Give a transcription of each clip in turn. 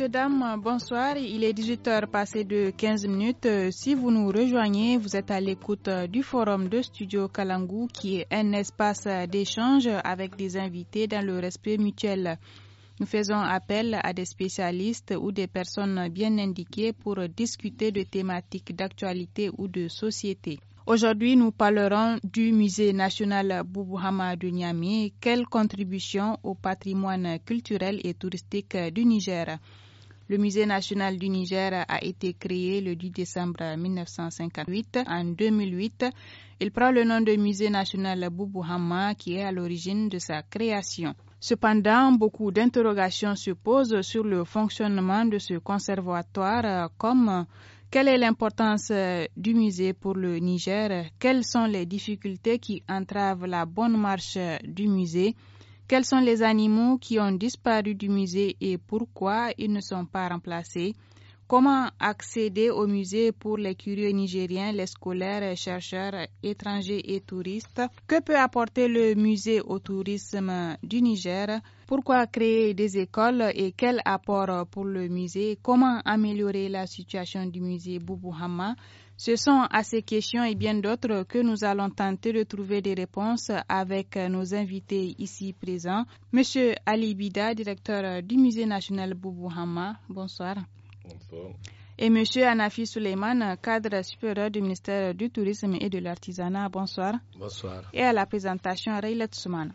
messieurs, bonsoir. Il est 18h passé de 15 minutes. Euh, si vous nous rejoignez, vous êtes à l'écoute euh, du forum de Studio Kalangu qui est un espace euh, d'échange avec des invités dans le respect mutuel. Nous faisons appel à des spécialistes ou des personnes bien indiquées pour discuter de thématiques d'actualité ou de société. Aujourd'hui, nous parlerons du musée national Boubouhama de Niamey. Quelle contribution au patrimoine culturel et touristique du Niger le musée national du Niger a été créé le 10 décembre 1958. En 2008, il prend le nom de musée national Boubou Hama qui est à l'origine de sa création. Cependant, beaucoup d'interrogations se posent sur le fonctionnement de ce conservatoire comme quelle est l'importance euh, du musée pour le Niger Quelles sont les difficultés qui entravent la bonne marche euh, du musée quels sont les animaux qui ont disparu du musée et pourquoi ils ne sont pas remplacés Comment accéder au musée pour les curieux nigériens, les scolaires, chercheurs, étrangers et touristes Que peut apporter le musée au tourisme du Niger Pourquoi créer des écoles et quel apport pour le musée Comment améliorer la situation du musée Boubouhama ce sont à ces questions et bien d'autres que nous allons tenter de trouver des réponses avec nos invités ici présents. Monsieur Ali Bida, directeur du Musée national Boubouhama, bonsoir. Bonsoir. Et Monsieur Anafi Souleyman, cadre supérieur du ministère du Tourisme et de l'Artisanat, bonsoir. Bonsoir. Et à la présentation, Raylette Soumana.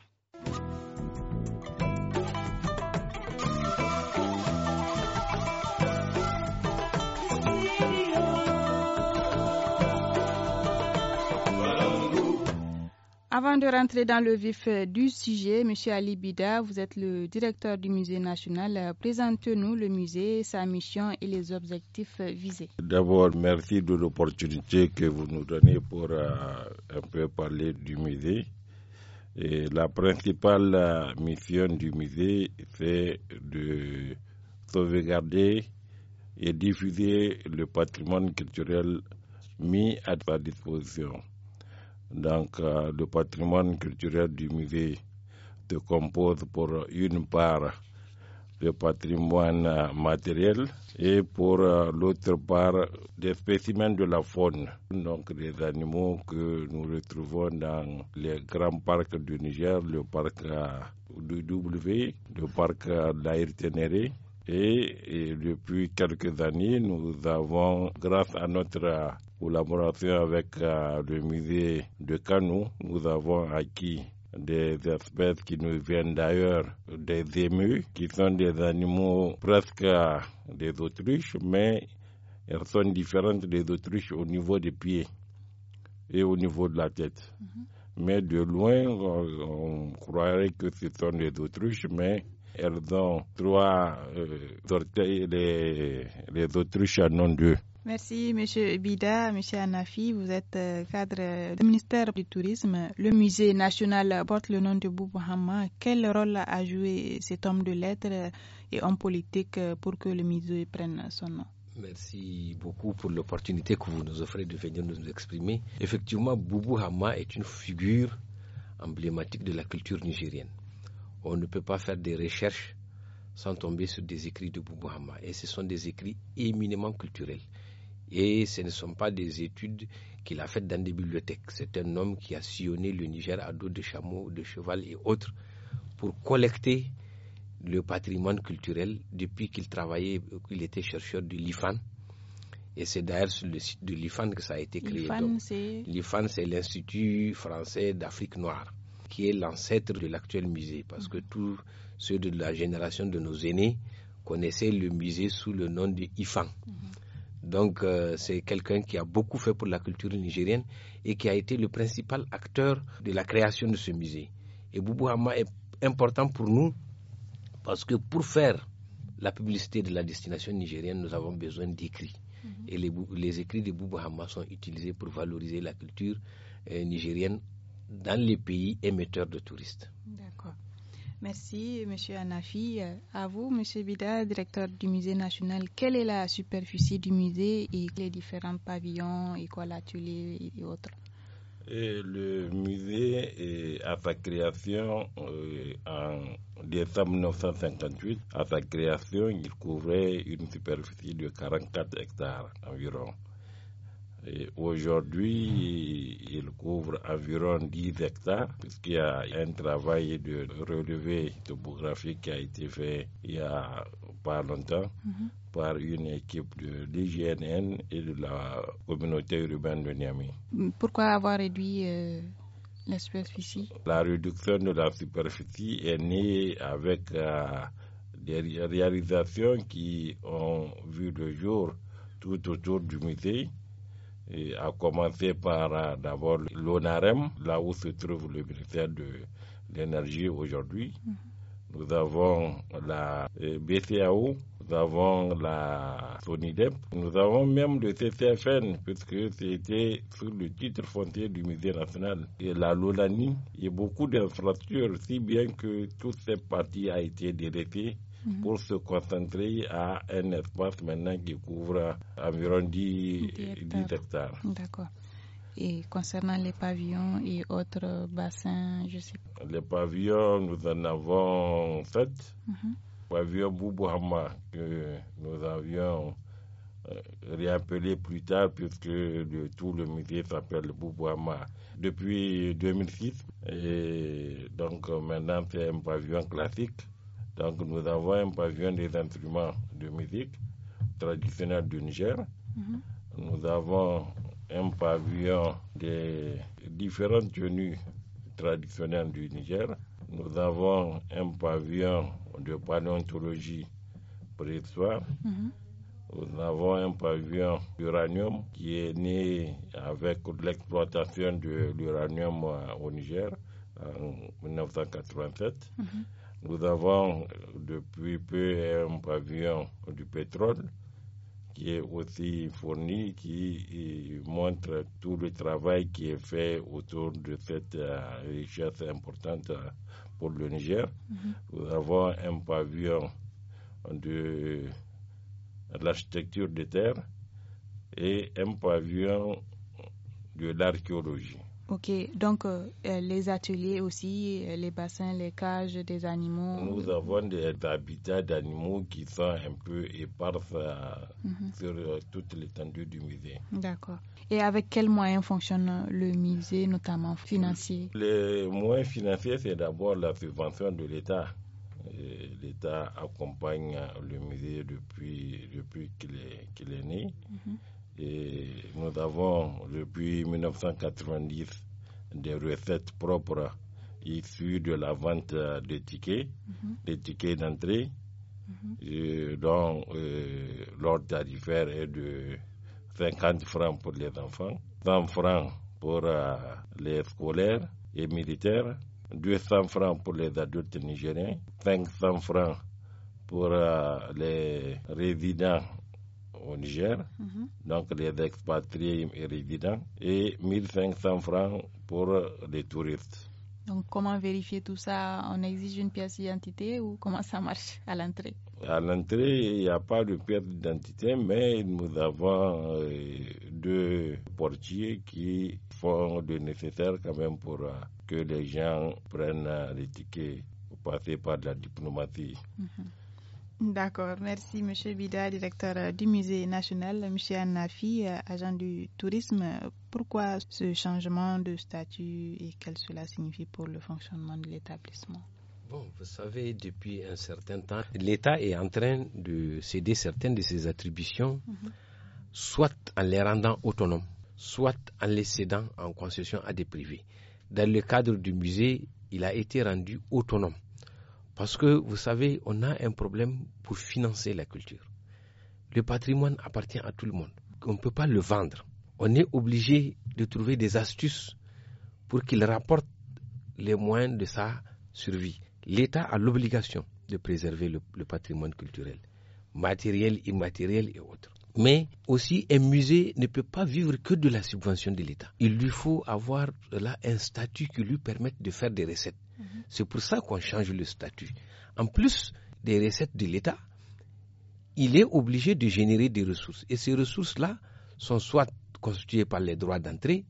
Avant de rentrer dans le vif euh, du sujet, M. Ali Bida, vous êtes le directeur du musée national. Euh, Présentez-nous le musée, sa mission et les objectifs euh, visés. D'abord, merci de l'opportunité que vous nous donnez pour un peu parler du musée. la principale mission du musée, c'est de sauvegarder et diffuser le patrimoine culturel mis à sa disposition donc, euh, le patrimoine culturel du musée se compose pour une part le patrimoine euh, matériel et pour euh, l'autre part des spécimens de la faune, donc les animaux que nous retrouvons dans les grands parcs du Niger, le parc de W, le parc d'Air Ténéré. E, et, et depuis quelques années, nous avons, grâce à notre collaboration avec euh, le musée de Canou, nous avons acquis des espèces qui nous viennent d'ailleurs, des émus, qui sont des animaux presque euh, des autruches, mais elles sont différentes des autruches au niveau des pieds et au niveau de la tête. Mm-hmm. Mais de loin, on, croirait que ce sont des autruches, mais elles ont trois euh, orteils, les, les autruches en ont deux. Merci, Monsieur Bida, Monsieur Anafi. Vous êtes euh, cadre du ministère du Tourisme. Le musée national porte le nom de Boubou Hama. Quel rôle a joué cet homme de lettres et homme politique pour que le musée prenne son nom Merci beaucoup pour l'opportunité que vous nous offrez de venir nous exprimer. Effectivement, Boubou Hama est une figure emblématique de la culture nigérienne. On ne peut pas faire des recherches sans tomber sur des écrits de Boubou Hama. Et ce sont des écrits éminemment culturels. Et ce ne sont pas des études qu'il a faites dans des bibliothèques. C'est un homme qui a sillonné le Niger à dos de chameaux de cheval et autres pour collecter le patrimoine culturel depuis qu'il travaillait, qu'il était chercheur de l'IFAN. Et c'est d'ailleurs sur le site de l'IFAN que ça a été créé. L'IFAN, c'est l'Institut français d'Afrique noire, qui est l'ancêtre de l'actuel musée, parce que tous ceux de la génération de nos aînés connaissaient le musée sous le nom de IFAN. Mhm. Donc euh, c'est quelqu'un qui a beaucoup fait pour la culture nigérienne et qui a été le principal acteur de la création de ce musée. Et Boubou Hama est important pour nous parce que pour faire la publicité de la destination nigérienne, nous avons besoin d'écrits. Mhm. Et les, écrits de Boubou Hama sont utilisés pour valoriser la culture euh, nigérienne dans les pays émetteurs de touristes. D'accord. Merci, Monsieur Anafi. Euh, à vous, Monsieur Bida, directeur du musée national. Quelle est la superficie du musée et les différents pavillons, écoles, ateliers et autres euh, Le musée à sa création euh, en décembre 1958. À sa création, il couvrait une superficie de 44 hectares environ. Aujourd'hui, il couvre environ 10 hectares, puisqu'il y a un travail de relevé topographique qui a été fait il y a pas longtemps mhm. par une équipe de l'IGNN et de la communauté urbaine de Niamey. Pourquoi avoir réduit euh, la superficie La réduction de la superficie est née avec euh, des réalisations qui ont vu le jour tout autour du musée et à commencer par euh, d'abord l'ONAREM, là où se trouve le ministère de l'énergie aujourd'hui. Mm-hmm. Nous avons la euh, BCAO, nous avons la SONIDEP, nous avons même le CCFN, puisque c'était sur le titre foncier du musée national, et la LOLANI, et beaucoup d'infrastructures, si bien que toute cette partie a été délaissée Mm-hmm. pour se concentrer à un espace maintenant qui couvre environ 10, hectares. D'accord. Et concernant les pavillons et autres bassins, je sais pas. Les pavillons, nous en avons sept. Le mm-hmm. Pavillon Boubouhama, que nous avions euh, réappelé plus tard puisque de tout le musée s'appelle Boubouhama depuis 2006 et donc euh, maintenant c'est un pavillon classique donc nous avons un pavillon des instruments de musique traditionnels du Niger. Mhm. Nous avons un pavillon des différentes tenues traditionnelles du Niger. Nous avons un pavillon de paléontologie préhistoire. Mhm. Nous avons un pavillon d'uranium qui est né avec l'exploitation de l'uranium euh, au Niger en 1987. Nous avons depuis peu un pavillon du pétrole qui est aussi fourni, qui euh, montre tout le travail qui est fait autour de cette euh, richesse importante euh, pour le Niger. Mhm. Nous avons un pavillon de l'architecture des terres et un pavillon de l'archéologie. Ok, donc euh, les ateliers aussi, euh, les bassins, les cages des animaux. Nous avons des habitats d'animaux qui sont un peu épars euh, mhm. sur toute l'étendue du musée. D'accord. Et avec quels moyens fonctionne le musée, notamment financier Les moyens financiers, c'est d'abord la subvention de l'État. L'État accompagne le musée depuis, depuis qu'il est, né. Mhm nous avons depuis 1990 des recettes propres issues de la vente des tickets, mhm. des tickets d'entrée, mhm. dont euh, l'ordre tarifaire est de 50 francs pour les enfants, 100 francs pour euh, les scolaires et militaires, 200 francs pour les adultes nigériens, 500 francs pour euh, les résidents au Niger, mhm. donc les expatriés et résidents, et 1500 francs pour les touristes. Donc comment vérifier tout ça On exige une pièce d'identité ou comment ça marche à l'entrée À l'entrée, il n'y a pas de pièce d'identité, mais nous avons euh, deux portiers qui font le nécessaire quand même pour euh, que les gens prennent euh, les tickets, pour passer par la diplomatie. Mhm. D'accord, merci Monsieur Bida, directeur du musée national, Monsieur Annafi, euh, agent du tourisme. Pourquoi ce changement de statut et quel cela signifie pour le fonctionnement de l'établissement Bon, vous savez, depuis un certain temps, l'État est en train de céder certaines de ses attributions, mhm. soit en les rendant autonomes, soit en les cédant en concession à des privés. Dans le cadre du musée, il a été rendu autonome parce que, vous savez, on a un problème pour financer la culture. Le patrimoine appartient à tout le monde. On ne peut pas le vendre. On est obligé de trouver des astuces pour qu'il rapporte les moyens de sa survie. L'État a l'obligation de préserver le, patrimoine culturel, matériel, immatériel et autres. Mais aussi, un musée ne peut pas vivre que de la subvention de l'État. Il lui faut avoir euh, là un statut qui lui permette de faire des recettes. Mhm. C'est pour ça qu'on change le statut. En plus des recettes de l'État, il est obligé de générer des ressources. Et ces ressources-là sont soit constituées par les droits d'entrée,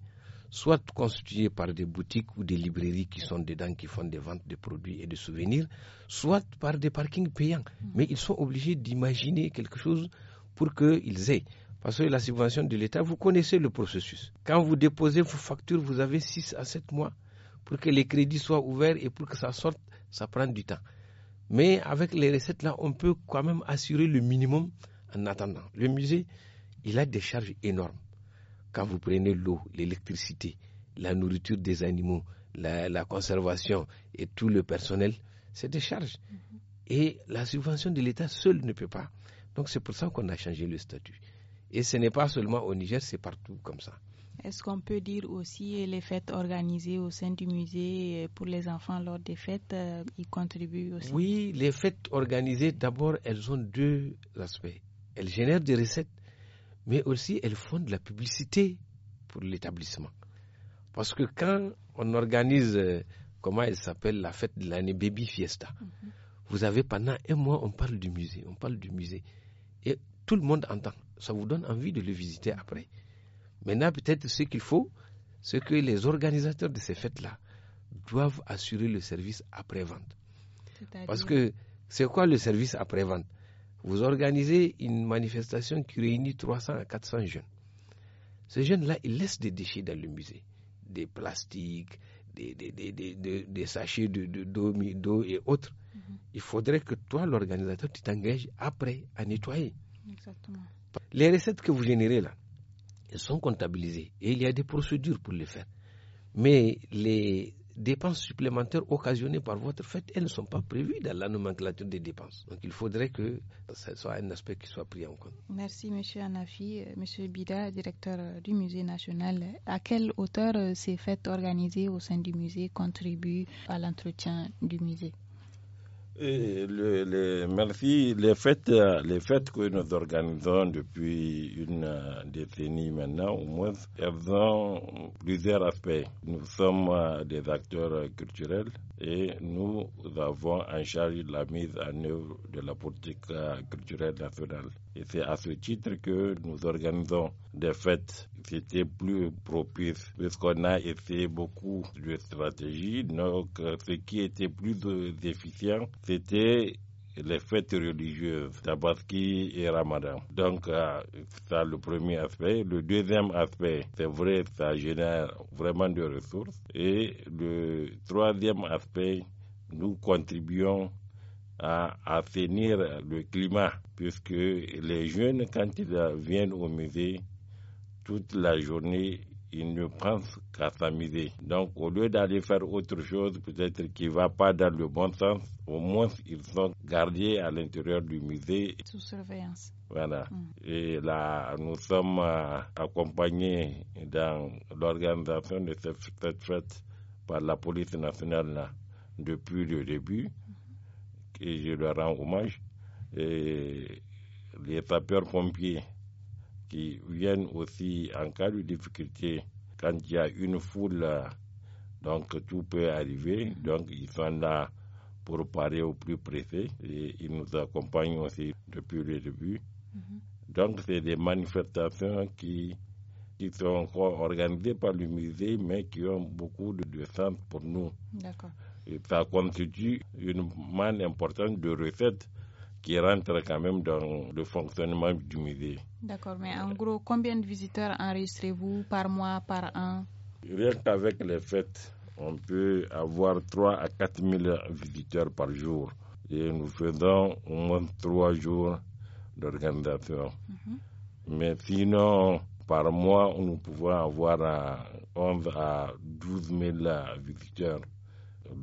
soit constituées par des boutiques ou des librairies qui sont dedans, qui font des ventes de produits et de souvenirs, soit par des parkings payants. Mhm. Mais ils sont obligés d'imaginer quelque chose pour qu'ils aient. Parce que la subvention de l'État, vous connaissez le processus. Quand vous déposez vos factures, vous avez 6 à 7 mois pour que les crédits soient ouverts et pour que ça sorte, ça prend du temps. Mais avec les recettes là, on peut quand même assurer le minimum en attendant. Le musée, il a des charges énormes. Quand vous prenez l'eau, l'électricité, la nourriture des animaux, la, conservation et tout le personnel, c'est des charges. Mm-hmm. Et la subvention de l'État seule ne peut pas. Donc c'est pour ça qu'on a changé le statut. Et ce n'est pas seulement au Niger, c'est partout comme ça. Est-ce qu'on peut dire aussi les fêtes organisées au sein du musée euh, pour les enfants lors des fêtes, ils euh, contribuent aussi Oui, les fêtes organisées, d'abord, elles ont deux aspects. Elles génèrent des recettes, mais aussi elles font de la publicité pour l'établissement. Parce que quand on organise, euh, comment elle s'appelle, la fête de l'année Baby Fiesta, mhm. vous avez pendant un mois, on parle du musée, on parle du musée. Et tout le monde entend. Ça vous donne envie de le visiter après. Maintenant, peut-être ce qu'il faut, c'est que les organisateurs de ces fêtes-là doivent assurer le service après-vente. Parce que c'est quoi le service après-vente Vous organisez une manifestation qui réunit 300 à 400 jeunes. Ces jeunes-là, ils laissent des déchets dans le musée. Des plastiques, des, des, des, des sachets d'eau de, d'eau et autres. Mhm. Il faudrait que toi, l'organisateur, tu t'engages après à nettoyer. Exactement. Les recettes que vous générez là, elles sont comptabilisées et il y a des procédures pour les faire. Mais les dépenses supplémentaires occasionnées par votre fête, elles ne sont pas prévues dans la nomenclature des dépenses. Donc il faudrait que ce soit un aspect qui soit pris en compte. Merci M. Anafi. Euh, M. Bida, directeur euh, du musée national, à quelle hauteur euh, ces fêtes organisées au sein du musée contribuent à l'entretien du musée merci. Les fêtes, les fêtes que nous organisons depuis une euh, décennie maintenant, au moins, elles ont plusieurs aspects. Nous sommes euh, des acteurs culturels et nous avons en charge la mise en œuvre de la politique euh, culturelle nationale. Et c'est à ce titre que nous organisons des fêtes. C'était plus propice puisqu'on a essayé beaucoup de stratégies. Donc, ce qui était plus efficient, c'était les fêtes religieuses, Tabaski et Ramadan. Donc, euh, ça, le premier aspect. Le deuxième aspect, c'est vrai, ça génère vraiment de ressources. Et le troisième aspect, nous contribuons à, assainir le climat, puisque les jeunes, quand ils viennent au musée, toute la journée, ils ne pensent qu'à s'amuser. Donc, au lieu d'aller faire autre chose, peut-être qui ne va pas dans le bon sens, au moins, ils sont gardés à l'intérieur du musée. Sous surveillance. Voilà. Mm. Et là, nous sommes euh, accompagnés dans l'organisation de cette fête par la police nationale depuis le début et je leur rends hommage. Et les tapeurs pompiers qui viennent aussi en cas de difficulté, quand il y a une foule, donc tout peut arriver. Donc ils sont là pour parler au plus pressé et ils nous accompagnent aussi depuis le début. Mhm. Donc c'est des manifestations qui, sont encore organisées par le musée, mais qui ont beaucoup de, de sens pour nous. D'accord ça constitue une manne importante de recettes qui rentre quand même dans le fonctionnement du musée. D'accord, mais en gros, combien de visiteurs enregistrez-vous par mois, par an Rien qu'avec les fêtes, on peut avoir 3 à 4 000 visiteurs par jour. Et nous faisons au moins 3 jours d'organisation. Mhm. Mais sinon, par mois, on pouvons avoir 11 euh, à 12 000 visiteurs.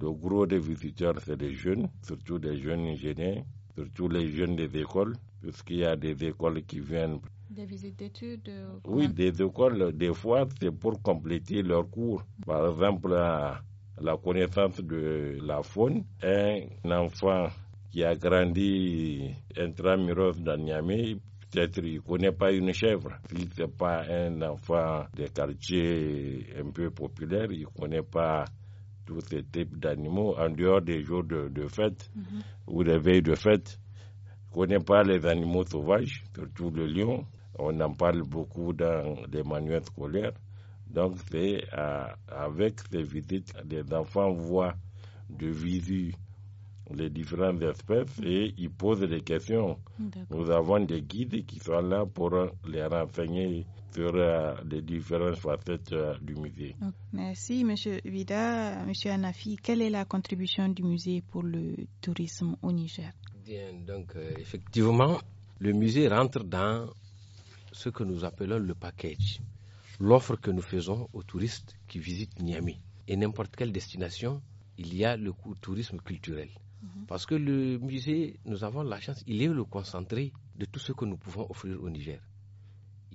Le gros des visiteurs, c'est des jeunes, surtout des jeunes ingénieurs, surtout les jeunes des écoles, puisqu'il y a des écoles qui viennent. Des visites d'études euh, Oui, des écoles, des fois, c'est pour compléter leurs cours. Par exemple, la connaissance de la faune, un enfant qui a grandi intramuros dans Niamey, peut-être il ne connaît pas une chèvre. Si ce n'est pas un enfant des quartiers un peu populaires, il ne connaît pas tous ces types d'animaux en dehors des jours de, fête mhm. ou des veilles de fête. On ne connaît pas les animaux sauvages, surtout le lion. On en parle beaucoup dans les manuels scolaires. Donc, c'est avec ces visites, les enfants voient de visu les différentes espèces et ils posent des questions. Nous avons des guides qui sont là pour les renseigner fera des euh, différentes facettes euh, du musée. Merci, M. Vida. M. Anafi, quelle est la contribution du musée pour le tourisme au Niger donc euh, effectivement, le musée rentre dans ce que nous appelons le package, l'offre que nous faisons aux touristes qui visitent Niamey. Et n'importe quelle destination, il y a le tourisme culturel. Mhm. Parce que le musée, nous avons la chance, il est le concentré de tout ce que nous pouvons offrir au Niger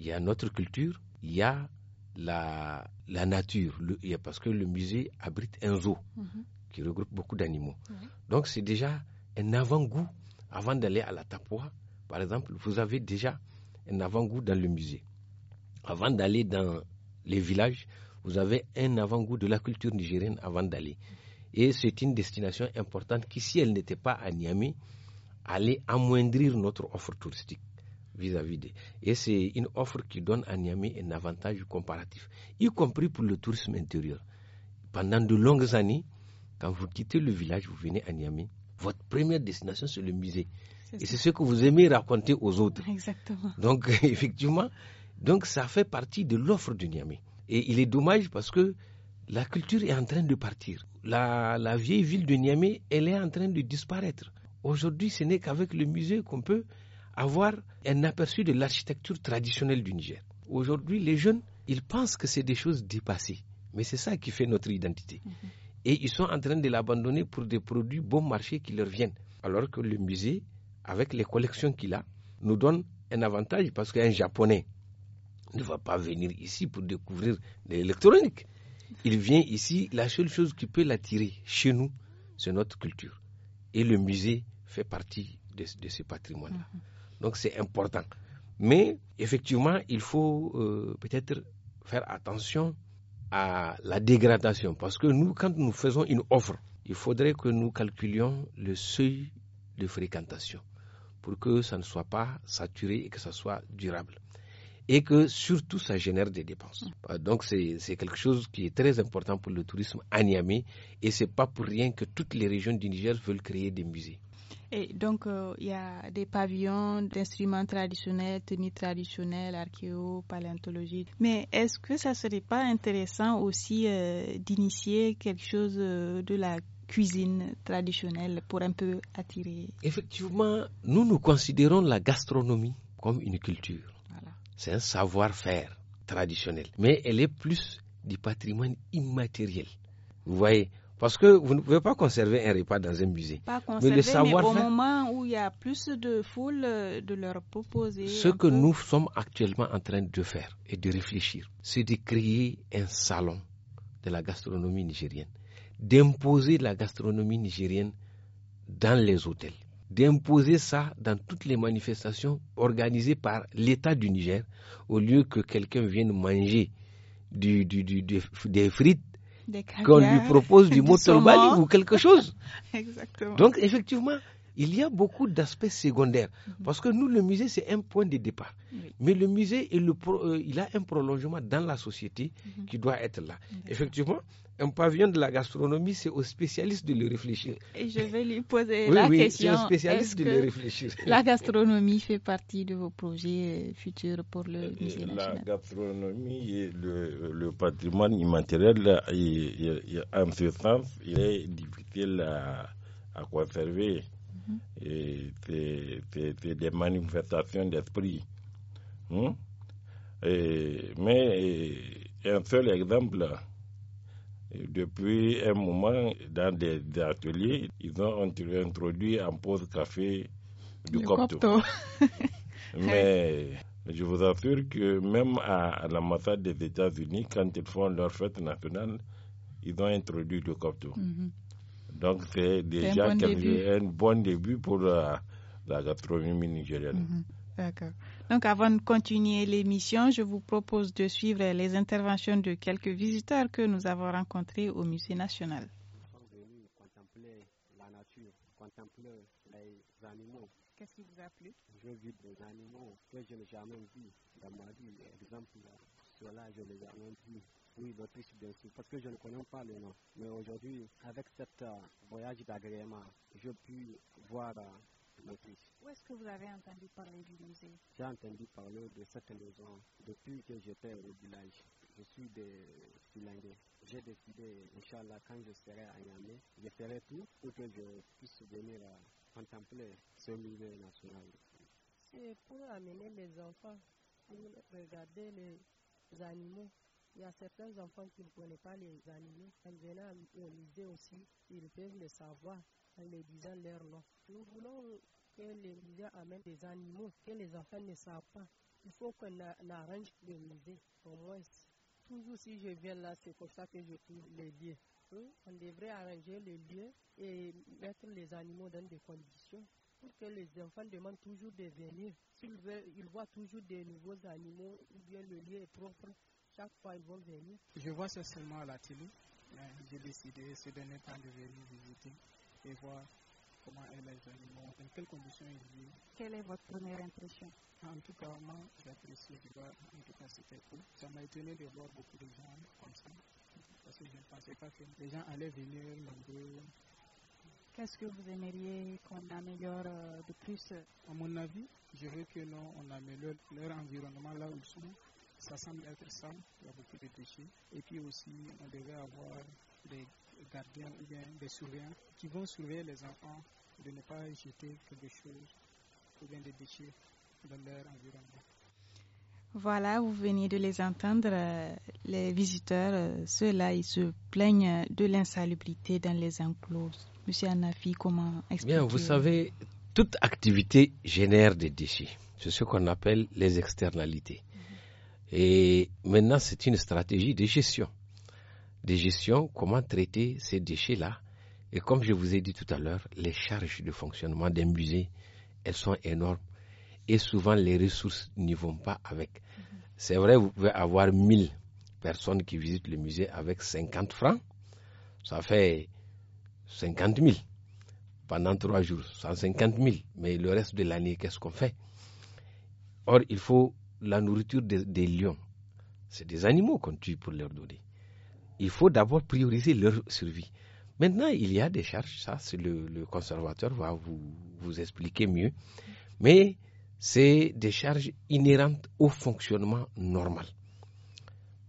il y a notre culture, il y a la, nature, parce que le musée abrite un zoo mhm. qui regroupe beaucoup d'animaux. Donc c'est déjà un avant-goût avant, d'aller à la tapoa. Par exemple, vous avez déjà un avant-goût dans le musée. Avant d'aller dans les villages, vous avez un avant-goût de la culture nigérienne avant d'aller. Et c'est une destination importante qui, si elle n'était pas à Niamey, allait amoindrir notre offre touristique vis-à-vis Et c'est une offre qui donne à Niamey un avantage comparatif, y compris pour le tourisme intérieur. Pendant de longues années, quand vous quittez le village, vous venez à Niamey, votre première destination, c'est le musée. Et c'est ce que vous aimez raconter aux autres. Exactement. Donc, effectivement, donc ça fait partie de l'offre de Niamey. Et il est dommage parce que la culture est en train de partir. La, la vieille ville de Niamey, elle est en train de disparaître. Aujourd'hui, ce n'est qu'avec le musée qu'on peut avoir un aperçu de l'architecture traditionnelle du Niger. Aujourd'hui, les jeunes, ils pensent que c'est des choses dépassées, mais c'est ça qui fait notre identité. Mhm. Et ils sont en train de l'abandonner pour des produits bon marché qui leur viennent. Alors que le musée, avec les collections qu'il a, nous donne un avantage parce qu'un Japonais ne va pas venir ici pour découvrir l'électronique. Il vient ici, la seule chose qui peut l'attirer chez nous, c'est notre culture. Et le musée fait partie de, ce patrimoine-là. Mhm. Donc c'est important. Mais effectivement, il faut euh, peut-être faire attention à la dégradation. Parce que nous, quand nous faisons une offre, il faudrait que nous calculions le seuil de fréquentation pour que ça ne soit pas saturé et que ça soit durable. Et que surtout, ça génère des dépenses. Euh, donc, c'est quelque chose qui est très important pour le tourisme à Niamey. Et ce n'est pas pour rien que toutes les régions du Niger veulent créer des musées. Et donc, euh, il y a des pavillons d'instruments traditionnels, tenues traditionnelles, archéo, paléontologie. Mais est-ce que ça ne serait pas intéressant aussi euh, d'initier quelque chose euh, de la cuisine traditionnelle pour un peu attirer Effectivement, nous nous considérons la gastronomie comme une culture. C'est un savoir-faire traditionnel, mais elle est plus du patrimoine immatériel. Vous voyez, parce que vous ne pouvez pas conserver un repas dans un musée. Pas conserver, mais, le savoir au moment où il y a plus de foule, euh, de leur proposer. Ce que nous sommes actuellement en train de faire et de réfléchir, c'est de créer un salon de la gastronomie nigérienne, d'imposer la gastronomie nigérienne dans les hôtels, d'imposer ça dans toutes les manifestations organisées par l'État du Niger, au lieu que quelqu'un vienne manger du, des frites qu'on lui propose du mot ou quelque chose. Exactement. Donc, effectivement, il y a beaucoup d'aspects secondaires. Mhm. Parce que nous, le musée, c'est un point de départ. Mais le musée, euh, il a un prolongement dans la société mhm. qui doit être là. Effectivement, un pavillon de la gastronomie, c'est aux spécialistes de le réfléchir. Et je vais lui poser la oui, question. c'est aux spécialistes de le réfléchir. La gastronomie fait partie de vos projets euh, futurs pour le euh, musée La gastronomie et le, patrimoine immatériel, il, en ce sens, est difficile à conserver. Mm-hmm. c'est des manifestations d'esprit. Hmm? mais un seul exemple, depuis un moment, dans des, ateliers, ils ont introduit en pause café du mais je vous assure que même à, la l'ambassade des États-Unis, quand ils font leur fête nationale, ils ont introduit du copto. Mm-hmm. Donc, c'est déjà un bon, bon, début pour la, la gastronomie nigérienne. Mhm. D'accord. Donc, avant de continuer l'émission, je vous propose de suivre les interventions de quelques visiteurs que nous avons rencontrés au Musée national. Nous contempler la nature, contempler les animaux. Qu'est-ce qui vous a plu Je vis des animaux que je n'ai jamais vus dans ma vie. Par exemple, ceux-là, je ne les ai jamais vus oui, l'Autriche, bien sûr, parce que je ne connais pas le nom. Mais aujourd'hui, avec cet euh, voyage d'agrément, je puis voir l'Autriche. Euh, Où est-ce que vous avez entendu parler du musée J'ai entendu parler de cette maison depuis que j'étais au village. Je suis des Finlandais. J'ai décidé, Inch'Allah, quand je serai à Yamé, je ferai tout pour que je puisse venir euh, contempler ce musée national. C'est pour amener les enfants pour regarder les animaux il y a certains enfants qui ne connaissent pas les animaux. ils viennent à musée aussi, ils peuvent le savoir en les disant leur nom. Nous voulons que les amène amènent des animaux que les enfants ne savent pas. Il faut qu'on arrange le musée, au moins. Toujours si je viens là, c'est pour ça que je trouve les lieux. Hein? On devrait arranger les lieux et mettre les animaux dans des conditions pour que les enfants demandent toujours de venir. S'ils ils voient toujours des nouveaux animaux ou bien le lieu est propre, chaque fois ils vont venir. Je vois ça seulement à la télé, mais j'ai décidé ce dernier temps de venir visiter et voir comment est les animaux, dans quelles conditions ils vivent. Quelle est votre première impression En tout cas, moi, j'apprécie de voir, en tout cas, c'était cool. Ça m'a étonné de voir beaucoup de gens comme ça, parce que je ne pensais pas que les gens allaient venir nombreux. Qu'est-ce que vous aimeriez qu'on améliore euh, de plus À mon avis, je veux que l'on améliore leur environnement là où ils sont ça semble être ça, il y a beaucoup de déchets. Et puis aussi, on devrait avoir des gardiens ou des surveillants qui vont surveiller les enfants de ne pas jeter que des choses ou bien des déchets dans leur environnement. Voilà, vous venez de les entendre. Euh, les visiteurs, euh, ceux-là, ils se plaignent de l'insalubrité dans les enclos. Monsieur Anafi, comment expliquer Bien, vous savez, toute activité génère des déchets. C'est ce qu'on appelle les externalités. Et maintenant, c'est une stratégie de gestion. De gestion, comment traiter ces déchets-là. Et comme je vous ai dit tout à l'heure, les charges de fonctionnement d'un musée, elles sont énormes. Et souvent, les ressources n'y vont pas avec. C'est vrai, vous pouvez avoir 1000 personnes qui visitent le musée avec 50 francs. Ça fait 50 000 pendant trois jours, 150 000. Mais le reste de l'année, qu'est-ce qu'on fait Or, il faut la nourriture des, lions. C'est des animaux qu'on tue pour leur donner. Il faut d'abord prioriser leur survie. Maintenant, il y a des charges, ça, le, conservateur va vous, vous expliquer mieux, mais c'est des charges inhérentes au fonctionnement normal.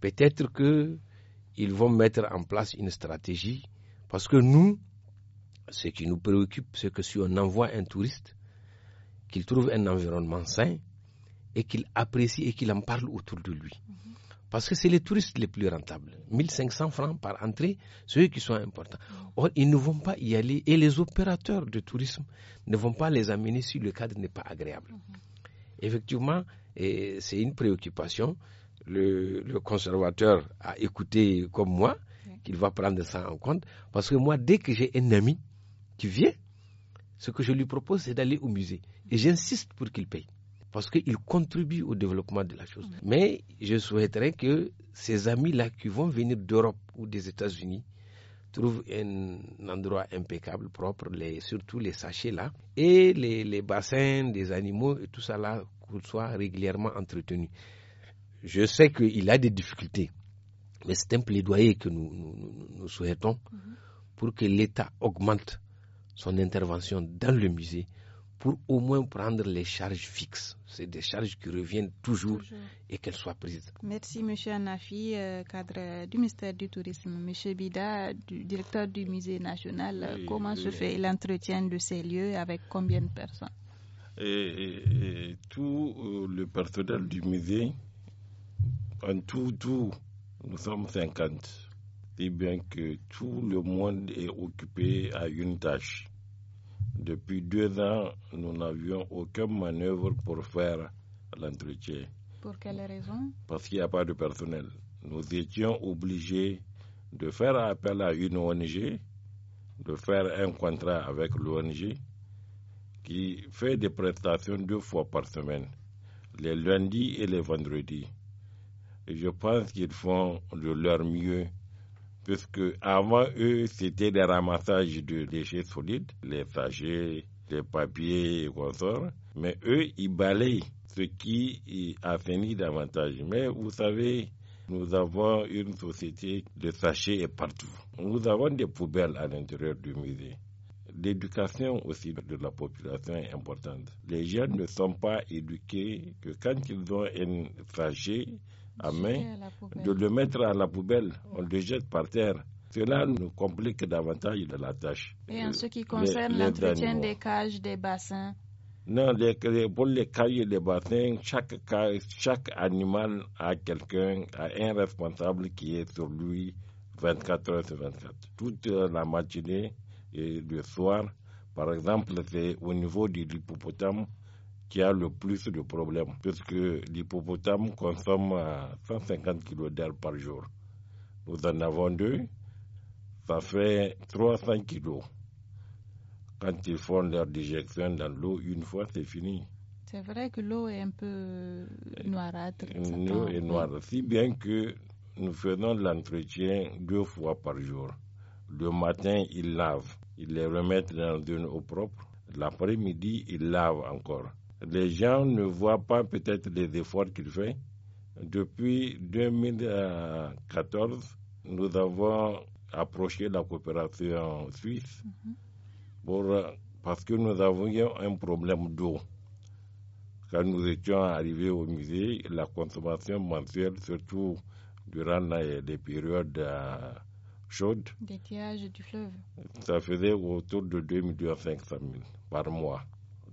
Peut-être qu'ils vont mettre en place une stratégie, parce que nous, ce qui nous préoccupe, c'est que si on envoie un touriste, qu'il trouve un environnement sain, et qu'il apprécie et qu'il en parle autour de lui. Parce que c'est les touristes les plus rentables. 1500 francs par entrée, ceux qui sont importants. Or, ils ne vont pas y aller et les opérateurs de tourisme ne vont pas les amener si le cadre n'est pas agréable. Effectivement, c'est une préoccupation. Le, conservateur a écouté comme moi qu'il va prendre ça en compte. Parce que moi, dès que j'ai un ami qui vient, ce que je lui propose, c'est d'aller au musée. Et j'insiste pour qu'il paye parce qu'il contribuent au développement de la chose. Mm. Mais je souhaiterais que ces amis-là qui vont venir d'Europe ou des États-Unis trouvent un endroit impeccable, propre, surtout les sachets-là, et les, bassins des animaux et tout ça là, qu'ils soient régulièrement entretenus. Je sais qu'il a des difficultés, mais c'est un plaidoyer que nous, souhaitons mm-hmm. pour que l'État augmente son intervention dans le musée pour au moins prendre les charges fixes. C'est des charges qui reviennent toujours, et qu'elles soient prises. Merci, M. Anafi, euh, cadre du ministère du Tourisme. M. Bida, directeur du Musée national, comment se fait l'entretien de ces lieux avec combien de personnes Tout euh, le personnel du musée, en tout, tout, nous sommes 50. et bien que tout le monde est occupé à une tâche. Depuis deux ans, nous n'avions aucune manœuvre pour faire l'entretien. Pour quelle raison Parce qu'il n'y a pas de personnel. Nous étions obligés de faire appel à une ONG, de faire un contrat avec l'ONG qui fait des prestations deux fois par semaine, les lundis et les vendredis. je pense qu'ils font de leur mieux puisque avant eux, c'était des ramassages de déchets solides, les sachets, les papiers et consorts, mais eux, ils balayent ce qui fini davantage. Mais vous savez, nous avons une société de sachets partout. Nous avons des poubelles à l'intérieur du musée. L'éducation aussi de la population est importante. Les jeunes ne sont pas éduqués que quand ils ont un sachet, à main, de le mettre à la poubelle. On le jette par terre. Cela nous complique davantage de la tâche. Et en ce qui concerne l'entretien des cages, des bassins Non, pour les cages et les bassins, chaque, chaque animal a quelqu'un, a un responsable qui est sur lui 24 heures sur 24. Toute la matinée et le soir, par exemple, au niveau du hippopotame, qui a le plus de problèmes, puisque l'hippopotame consomme 150 kg d'air par jour. Nous en avons deux, ça fait 300 kg. Quand ils font leur déjection dans l'eau, une fois, c'est fini. C'est vrai que l'eau est un peu euh, noirâtre. L'eau est noire, si bien que nous faisons l'entretien deux fois par jour. Le matin, ils lavent, ils les remettent dans une eau propre. L'après-midi, ils lavent encore les gens ne voient pas peut-être les efforts qu'il fait. Depuis 2014, nous avons approché la coopération suisse mhm. pour, euh, parce que nous avions un problème d'eau. Quand nous étions arrivés au musée, la consommation mensuelle, surtout durant les, périodes euh, chaudes, ça faisait autour de 2 500 000 par mois.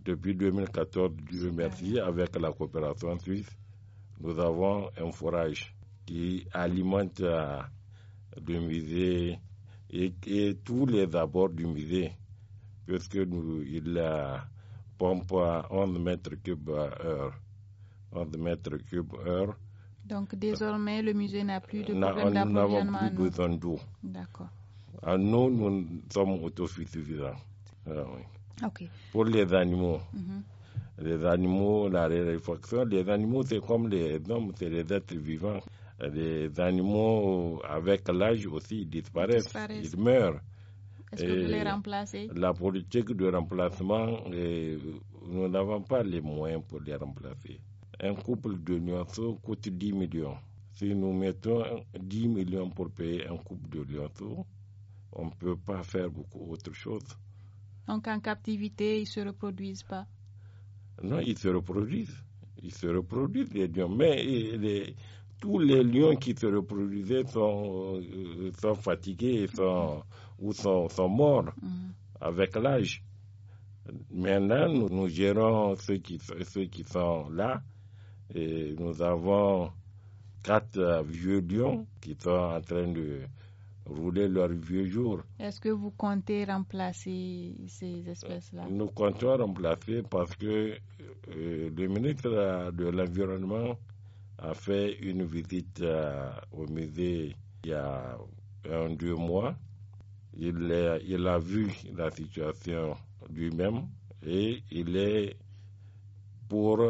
Depuis 2014, Dieu merci, avec la coopération suisse, nous avons un forage qui alimente euh, le musée et, tous les abords du musée, puisque nous, il a euh, pompe à 11 mètres cubes heure. 11 mètres cubes heure. Donc désormais, le musée n'a plus de problème d'approvisionnement. Nous n'avons plus besoin d'eau. D'accord. Ah, nous, nous sommes autosuffisants. Ah, pour les animaux. Mhm. Les animaux, la réflexion, les animaux, c'est comme les hommes, c'est les êtres vivants. Les animaux, avec l'âge aussi, ils disparaissent, ils meurent. Est-ce que vous les remplacer La politique de remplacement, nous n'avons pas les moyens pour les remplacer. Un couple de lionceaux coûte 10 millions. Si nous mettons 10 millions pour payer un couple de lionceaux, on ne peut pas faire beaucoup autre chose. Donc en captivité, ils ne se reproduisent pas. Non, ils se reproduisent. Ils se reproduisent, les lions. Mais les, tous les lions qui se reproduisaient sont, euh, sont fatigués sont, ou sont, morts mm. avec l'âge. Maintenant, nous, gérons ceux qui, ceux qui sont là. Et nous avons quatre euh, vieux lions qui sont en train de, rouler leurs vieux jours. Est-ce que vous comptez remplacer ces espèces-là euh, Nous comptons remplacer parce que euh, le ministre de l'Environnement a fait une visite euh, au musée il y a un, deux mois. Il, a vu la situation lui-même et il est pour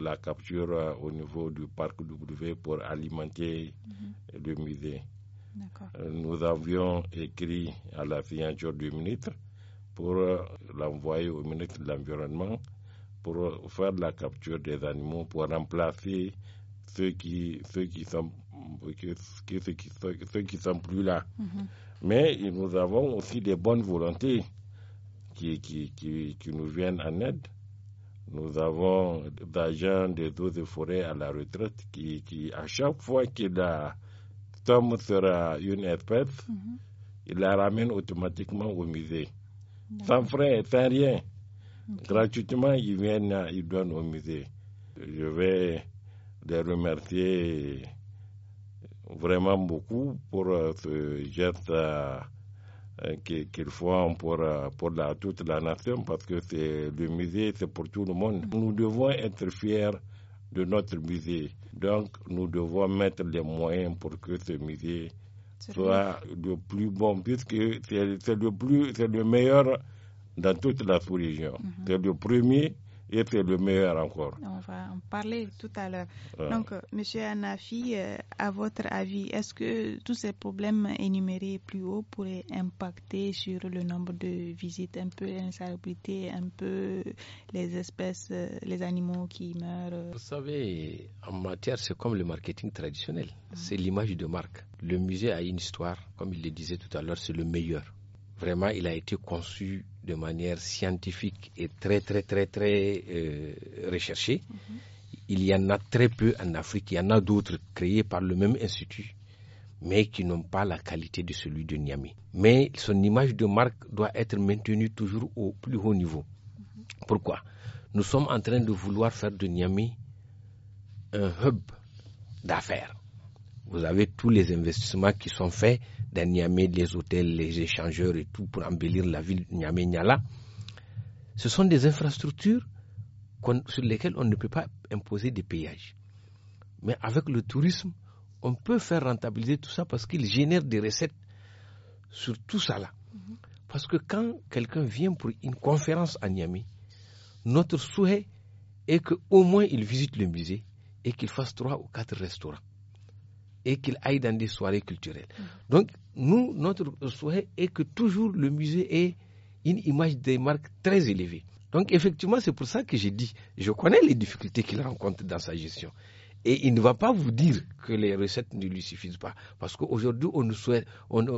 la capture au niveau du parc W pour alimenter mhm. le musée. Euh, nous avions écrit à la signature du ministre pour euh, l'envoyer au ministre de l'Environnement pour euh, faire la capture des animaux pour remplacer ceux qui, ceux qui sont qui, qui sont plus là. Mhm. Mais nous avons aussi des bonnes volontés qui, qui, qui, nous viennent en aide. Nous avons des agents des eaux forêts à la retraite qui, qui à chaque fois qu'il a sera sur une espèce, mhm. il la ramène automatiquement au musée. Sans frais, sans rien. Gratuitement, ils viennent, ils donnent au musée. Je vais les remercier vraiment beaucoup pour euh, ce geste euh, qu'ils font pour, euh, pour la, toute la nation parce que c'est le musée, c'est pour tout le monde. Mhm. Nous devons être fiers de notre musée. Donc, nous devons mettre les moyens pour que ce musée soit le plus bon, puisque c'est le, plus, le meilleur dans toute la sous-région. Mhm. C'est le premier être le meilleur encore. On va en parler tout à l'heure. Ah. Donc, euh, Monsieur Anafi, euh, à votre avis, est-ce que tous ces problèmes énumérés plus haut pourraient impacter sur le nombre de visites, un peu l'insalubrité, un peu les espèces, euh, les animaux qui meurent Vous savez, en matière, c'est comme le marketing traditionnel. Ah. C'est l'image de marque. Le musée a une histoire, comme il le disait tout à l'heure, c'est le meilleur. Vraiment, il a été conçu de manière scientifique et très, très, très, très euh, recherchée. Mhm. Il y en a très peu en Afrique. Il y en a d'autres créés par le même institut, mais qui n'ont pas la qualité de celui de Niamey. Mais son image de marque doit être maintenue toujours au plus haut niveau. Mhm. Pourquoi Nous sommes en train de vouloir faire de Niamey un hub d'affaires. Vous avez tous les investissements qui sont faits dans Niamey, les hôtels, les échangeurs et tout pour embellir la ville Niamey-Niala. Ce sont des infrastructures sur lesquelles on ne peut pas imposer des péages. Mais avec le tourisme, on peut faire rentabiliser tout ça parce qu'il génère des recettes sur tout ça là. Mm-hmm. Parce que quand quelqu'un vient pour une conférence à Niamey, notre souhait est qu'au moins il visite le musée et qu'il fasse trois ou quatre restaurants et qu'il aille dans des soirées culturelles. Mm. Donc, nous, notre souhait est que toujours le musée ait une image des marques très élevée. Donc, effectivement, c'est pour ça que j'ai dit, je connais les difficultés qu'il rencontre dans sa gestion. Et il ne va pas vous dire que les recettes ne lui suffisent pas. Parce qu'aujourd'hui, on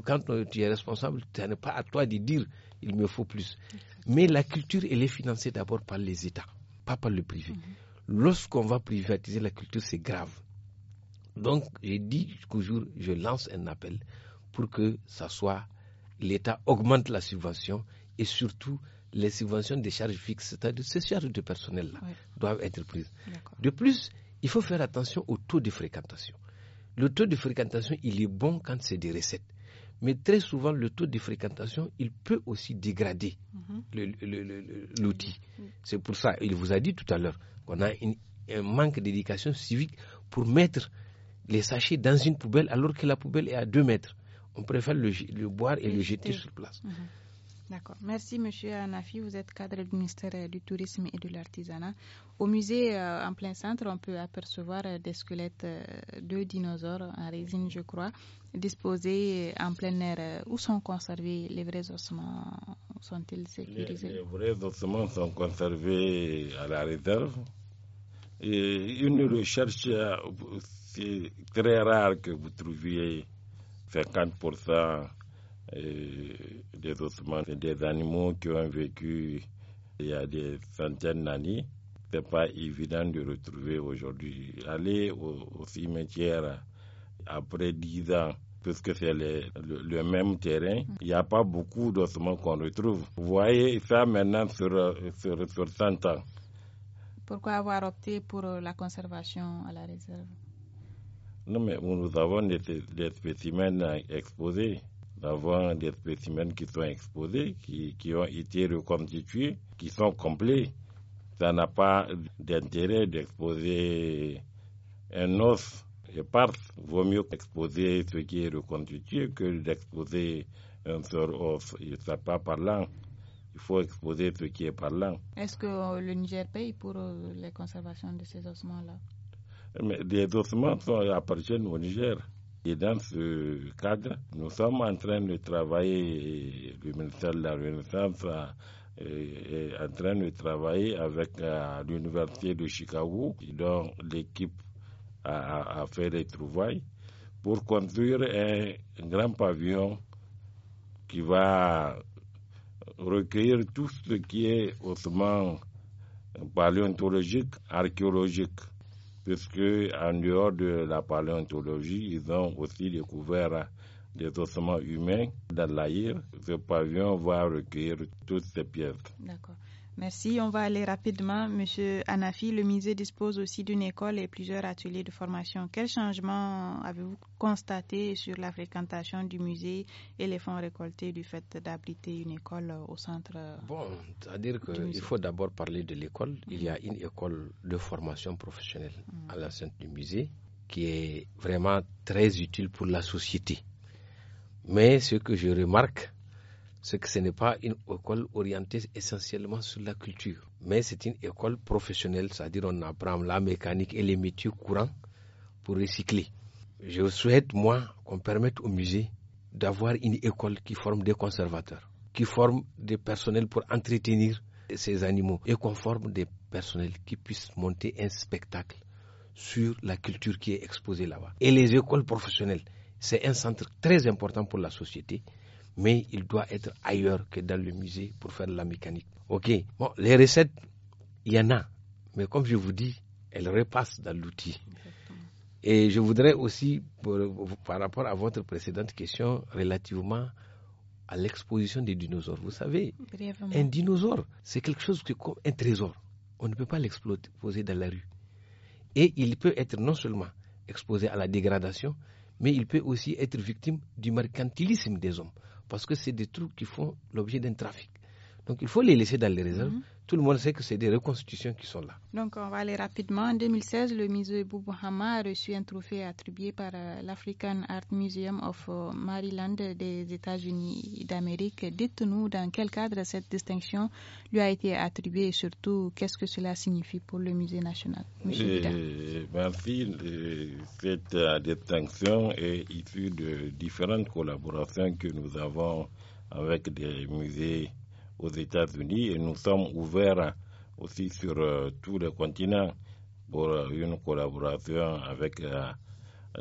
quand tu es responsable, ce n'est pas à toi de dire il me faut plus. Mais la culture, elle est financée d'abord par les États, pas par le privé. Mm-hmm. Lorsqu'on va privatiser la culture, c'est grave. Donc, j'ai dit jour je lance un appel pour que ça soit l'État augmente la subvention et surtout les subventions des charges fixes, c'est-à-dire ces charges de personnel-là, doivent être prises. De plus, il faut faire attention au taux de fréquentation. Le taux de fréquentation, il est bon quand c'est des recettes. Mais très souvent, le taux de fréquentation, il peut aussi dégrader mhm. l'outil. C'est pour ça, il vous a dit tout à l'heure qu'on a un manque d'éducation civique pour mettre les sachets dans une poubelle alors que la poubelle est à 2 mètres. On préfère le, boire et, le jeter, sur place. Mhm. D'accord. Merci, Monsieur Anafi. Vous êtes cadre du ministère euh, du Tourisme et de l'Artisanat. Au musée, euh, en plein centre, on peut apercevoir euh, des squelettes de dinosaures en résine, je crois, disposés en plein air. Où sont conservés les vrais ossements Sont-ils sécurisés les, les, vrais ossements sont conservés à la réserve. Et une recherche eh, c'est très rare que vous trouviez 50% des ossements des animaux qui ont vécu il y a des centaines d'années. Ce n'est pas évident de retrouver aujourd'hui. Aller au, cimetière après 10 ans, puisque c'est le, même terrain, il n'y a pas beaucoup d'ossements qu'on retrouve. Vous voyez ça maintenant sur, sur, ans. Pourquoi avoir opté pour la conservation à la réserve non, mais nous avons des, spécimens exposés. Nous avons des spécimens qui sont exposés, qui, qui ont été reconstitués, qui sont complets. Ça n'a pas d'intérêt d'exposer un os éparse. Vaut mieux exposer ce qui est reconstitué que d'exposer un seul os. Il ne pas parlant. Il faut exposer ce qui est parlant. Est-ce que euh, le Niger paye pour euh, la conservation de ces ossements-là les des ossements sont, appartiennent au Niger. Et dans ce cadre, nous sommes en train de travailler, le ministère de la Renaissance euh, est en train de travailler avec euh, l'Université de Chicago, dont l'équipe a, fait des trouvailles, pour construire un, grand pavillon qui va recueillir tout ce qui est ossements paléontologiques, archéologiques puisque en dehors de la paléontologie, ils ont aussi découvert des ossements humains dans l'Aïr. Ce pavillon va recueillir toutes ces pièces. Merci. On va aller rapidement. Monsieur Anafi, le musée dispose aussi d'une école et plusieurs ateliers de formation. Quel changement avez-vous constaté sur la fréquentation du musée et les fonds récoltés du fait d'abriter une école au centre Bon, c'est-à-dire qu'il faut d'abord parler de l'école. Il y a une école de formation professionnelle mm. à la l'enceinte du musée qui est vraiment très utile pour la société. Mais ce que je remarque, c'est que ce n'est pas une école orientée essentiellement sur la culture, mais c'est une école professionnelle, c'est-à-dire on apprend la mécanique et les métiers courants pour recycler. Je souhaite, moi, qu'on permette au musée d'avoir une école qui forme des conservateurs, qui forme des personnels pour entretenir ces animaux et qu'on forme des personnels qui puissent monter un spectacle sur la culture qui est exposée là-bas. Et les écoles professionnelles, c'est un centre très important pour la société mais il doit être ailleurs que dans le musée pour faire de la mécanique. Ok, bon, les recettes, il y en a, mais comme je vous dis, elles repassent dans l'outil. Et je voudrais aussi, par rapport à votre précédente question, relativement à l'exposition des dinosaures. Vous savez, un dinosaure, c'est quelque chose qui comme un trésor. On ne peut pas l'exposer dans la rue. Et il peut être non seulement exposé à la dégradation, mais il peut aussi être victime du mercantilisme des hommes parce que c'est des trucs qui font l'objet d'un trafic. Donc il faut les laisser dans les réserves. Mm-hmm. Tout le monde sait que c'est des reconstitutions qui sont là. Donc, on va aller rapidement. En 2016, le musée Boubouhama a reçu un trophée attribué par euh, l'African Art Museum of euh, Maryland des États-Unis d'Amérique. Dites-nous dans quel cadre cette distinction lui a été attribuée et surtout, qu'est-ce que cela signifie pour le musée national Merci. Euh, cette distinction est issue de différentes collaborations que nous avons avec des musées aux États-Unis et nous sommes ouverts aussi sur euh, tous les continents pour euh, une collaboration avec euh,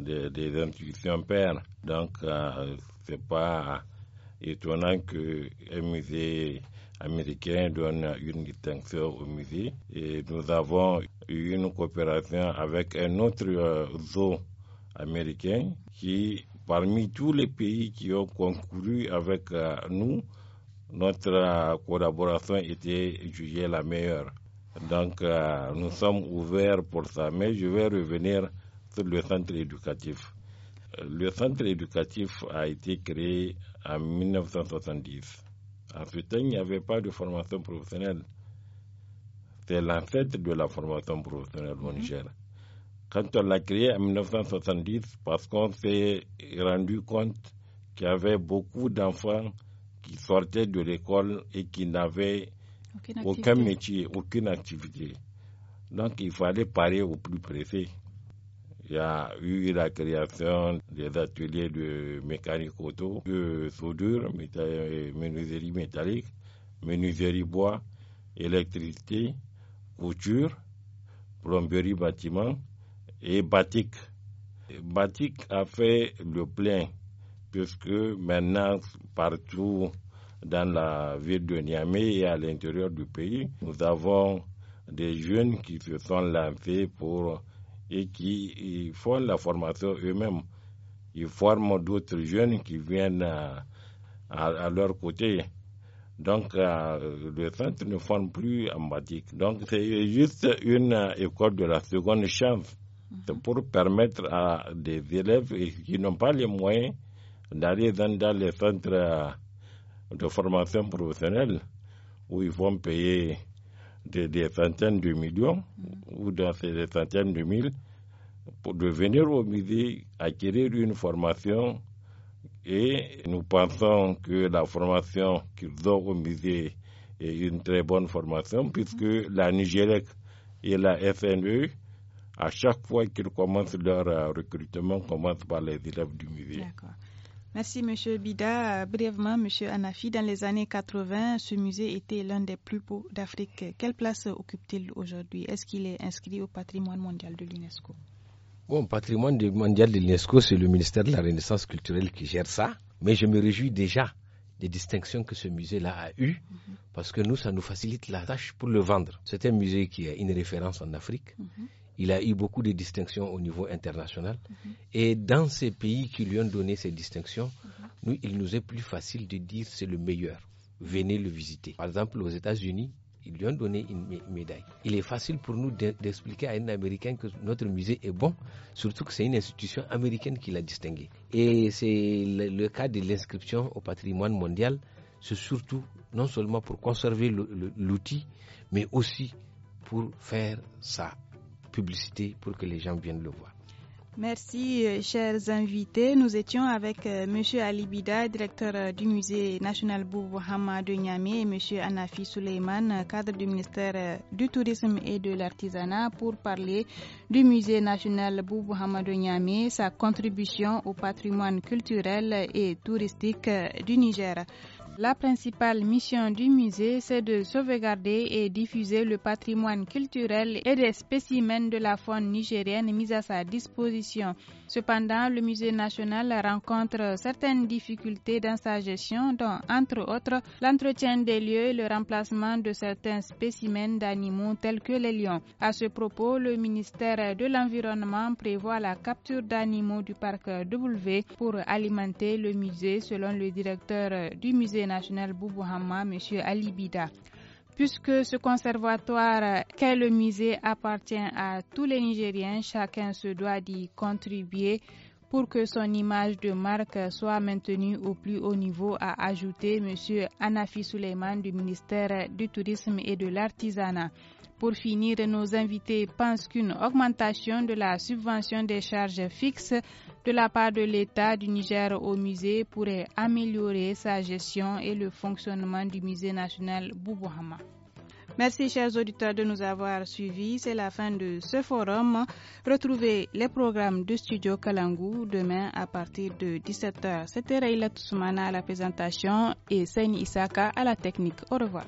des, institutions pères. Donc, n'est pas étonnant qu'un musée américain donne une distinction au musée. Et nous avons eu une coopération avec un autre zoo américain qui, parmi tous les pays qui ont concouru avec nous, notre euh, collaboration était jugée la meilleure. Donc, euh, nous sommes ouverts pour ça. Mais je vais revenir sur le centre éducatif. Le centre éducatif a été créé en 1970. En ce temps, il n'y avait pas de formation professionnelle. C'est l'ancêtre de la formation professionnelle au Niger. Mhm. Quand on l'a créé en 1970, parce qu'on s'est rendu compte qu'il y avait beaucoup d'enfants qui sortaient de l'école et qui n'avaient aucun métier, aucune activité. Donc il fallait parler au plus pressé. Il y a eu la création des ateliers de mécanique auto, de soudure, menuiserie métallique, menuiserie bois, électricité, couture, plomberie bâtiment et batik. Batik a fait le plein puisque maintenant partout dans la ville de Niamey et à l'intérieur du pays. Nous avons des jeunes qui se sont lancés pour et qui font la formation eux-mêmes. Ils forment d'autres jeunes qui viennent euh, à, leur côté. Donc, euh, le centre ne forme plus en batik. Donc, c'est juste une euh, école de la seconde chance. Mhm. pour permettre à des élèves qui n'ont pas les moyens d'aller dans, les centres de formation professionnelle où ils vont payer des, centaines de millions mm. ou dans ces centaines de mille pour devenir venir au musée acquérir une formation et nous pensons que la formation qu'ils ont au musée est une très bonne formation mm. puisque la Nigérec et la FNE, à chaque fois qu'ils commencent leur euh, recrutement, commencent par les élèves du musée. Merci, Monsieur Bida. Euh, brièvement, Monsieur Anafi, dans les années 80, ce musée était l'un des plus beaux d'Afrique. Quelle place occupe-t-il aujourd'hui Est-ce qu'il est inscrit au patrimoine mondial de l'UNESCO Bon, patrimoine mondial de l'UNESCO, c'est le ministère de la Renaissance culturelle qui gère ça. Mais je me réjouis déjà des distinctions que ce musée-là a eues, mhm. parce que nous, ça nous facilite la tâche pour le vendre. C'est un musée qui est une référence en Afrique. Mhm. Il a eu beaucoup de distinctions au niveau international. Mhm. Et dans ces pays qui lui ont donné ces distinctions, mhm. nous, il nous est plus facile de dire c'est le meilleur. Venez le visiter. Par exemple, aux États-Unis, ils lui ont donné une médaille. Il est facile pour nous d'expliquer à un Américain que notre musée est bon, surtout que c'est une institution américaine qui l'a distingué. Et c'est le, cas de l'inscription au patrimoine mondial, c'est surtout non seulement pour conserver l'outil, mais aussi pour faire ça publicité pour que les gens viennent le voir. Merci, euh, chers invités. Nous étions avec euh, M. Ali Bida, directeur euh, du musée national Boubou de Niamey, et M. Anafi Suleiman, cadre du ministère du Tourisme et de l'Artisanat, pour parler du musée national Boubou de Niamey, sa contribution au patrimoine culturel et touristique du Niger. La principale mission du musée, c'est de sauvegarder et diffuser le patrimoine culturel et des spécimens de la faune nigérienne mis à sa disposition. Cependant, le musée national rencontre certaines difficultés dans sa gestion, dont, entre autres, l'entretien des lieux et le remplacement de certains spécimens d'animaux tels que les lions. À ce propos, le ministère de l'Environnement prévoit la capture d'animaux du parc W pour alimenter le musée, selon le directeur du musée national Boubouhama, M. Ali Bida puisque ce conservatoire qu'est le musée appartient à tous les Nigériens, chacun se doit d'y contribuer pour que son image de marque soit maintenue au plus haut niveau, a ajouté M. Anafi Suleiman du ministère du Tourisme et de l'Artisanat. Pour finir, nos invités pensent qu'une augmentation de la subvention des charges fixes de la part de l'État du Niger au musée pourrait améliorer sa gestion et le fonctionnement du musée national Boubouhama. Merci chers auditeurs de nous avoir suivis. C'est la fin de ce forum. Retrouvez les programmes de studio Kalangu demain à partir de 17h. C'était Raila Toussoumana à la présentation et Seine Isaka à la technique. Au revoir.